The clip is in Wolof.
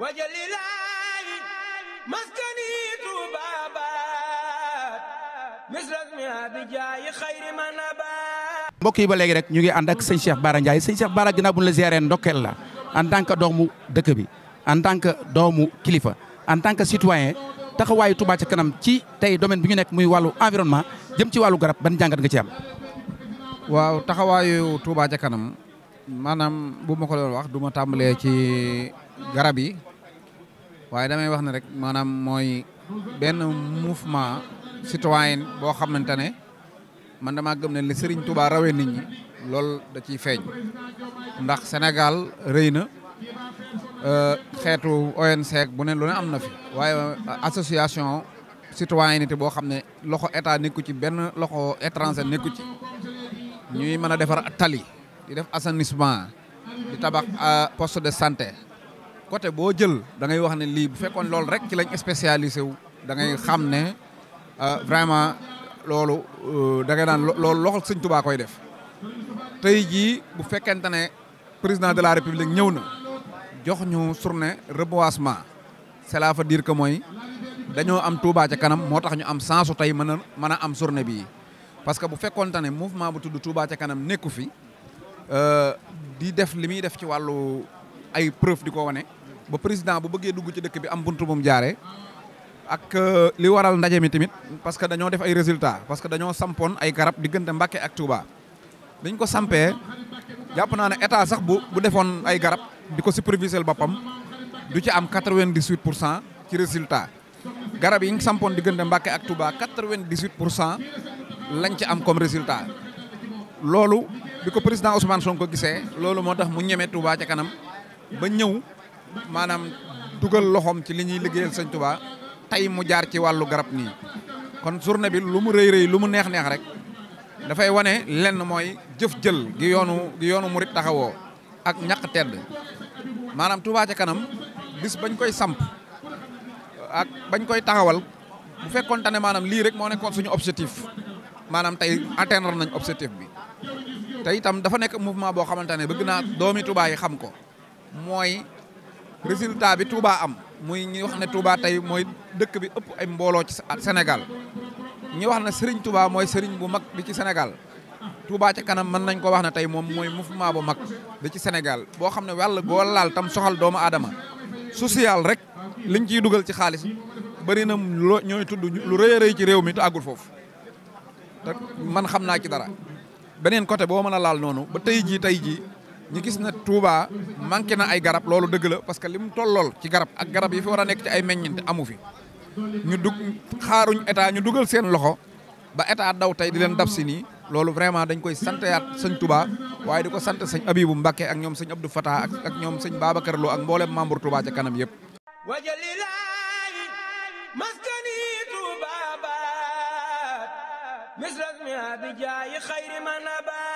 wajalilaayi maskani tuubaabaat misrasmi abijaayi xayri manabaat mbokk yi ba léegi rek ñu ngi ànd ak sëñ Cheikh Bara Ndiaye sëñ Cheikh Bara ginnaaw bu ñu la ziaree ndokkeel la en tant que doomu dëkk bi en tant que doomu kilifa en tant que citoyen taxawaayu Touba ca kanam ci tey domaine bi ñu nekk muy wàllu environnement jëm ci wàllu garab ban jàngat nga ci am. waaw taxawaayu Touba ca kanam maanaam bu ma ko doon wax du ma tàmbalee ci garab yi waaye damay wax ne rek maanaam mooy benn mouvement citoyen boo xamante ne man damaa gëm ne li Serigne Touba rawee nit ñi loolu da ciy feeñ ndax Sénégal rëy na euh, xeetu ONC bu ne lu ne am na fi waaye euh, association citoyenneté boo xam ne loxo état nekku ci benn loxo étranger nekku ci ñuy mën a defar tali di def assainissement di tabax euh, poste de santé côté boo jël dangay wax ne lii bu fekkoon loolu rek ci lañ spécialisé wu da ngay xam ne euh, vraiment loolu euh, da ngay naan loolu loxol sëñ Tuubaa koy def tey jii bu fekkente ne président de la république ñëw na jox ñu journée reboisement cela veut dire que mooy dañoo am Touba ca kanam moo tax ñu am sensu tey mën a mën a am journée bii parce que bu fekkoonte ne mouvement bu tudd Touba ca kanam nekku fi euh, di def li muy def ci wàllu ay preuve di ko wane ba président bu bëggee dugg ci dëkk bi am buntu bu mu jaaree ak euh, li waral ndaje mi tamit parce que dañoo def ay résultats parce que dañoo sampoon ay garab diggante Mbàkke ak Touba. biñ ko sampee jàpp naa ne état sax bu bu defoon ay garab di ko si superviser boppam du ci am 98 pour cent ci résultat garab yi ñu sampoon diggante Mbàkke ak Touba 98 pour cent lañ ci am comme résultat loolu bi ko président Ousmane ko gisee loolu moo tax mu ñeme Touba ca kanam ba ñëw. maanaam dugal loxoom ci li ñuy liggéeyal sëñ tubaa tey mu jaar ci wàllu garab nii kon journée bi lu mu rëy rëy lu mu neex neex rek dafay wane lenn mooy jëf jël gi yoonu yoonu murit taxawoo ak ñaq tedd maanaam tubaa ca kanam bis bañ koy samp ak bañ koy taxawal bu fekkoon ne maanaam lii rek moo nekkoon suñu objectif maanaam tey atteindre nañ objectif bi te itam dafa nekk mouvement boo xamante ne bëgg naa doomi Touba yi xam ko mooy résultat bi Touba am muy ñi wax ne Touba tey mooy dëkk bi ëpp ay mbooloo ci Sénégal ñi wax ne Serigne Touba mooy Serigne bu mag bi ci Sénégal Touba ca kanam mën nañ ko wax ne tey moom mooy mouvement bu mag ci Sénégal boo xam ne wàll boo laal tam soxal doomu aadama social rek liñ ciy dugal ci xaalis bëri na loo ñooy tudd lu rëy rëy ci réew mi te àggul foofu te man xam naa ci dara beneen côté boo mën a laal noonu ba tey jii tey jii ñu gis na Touba manqué na ay garab loolu dëgg la parce que li mu tollool ci garab ak garab yi fi war a nekk ci ay meññeent amu fi ñu dug xaaruñ état ñu dugal seen loxo ba état daw tey di leen dab si nii loolu vraiment dañ koy santaat sëñ Touba waaye di ko sant sëñ Abibu mbake ak ñoom sëñ Abdou Fatah ak ak ñoom sëñ Babacar Lo ak mboolem membre Touba ca kanam yëpp wajalilahi maskani Touba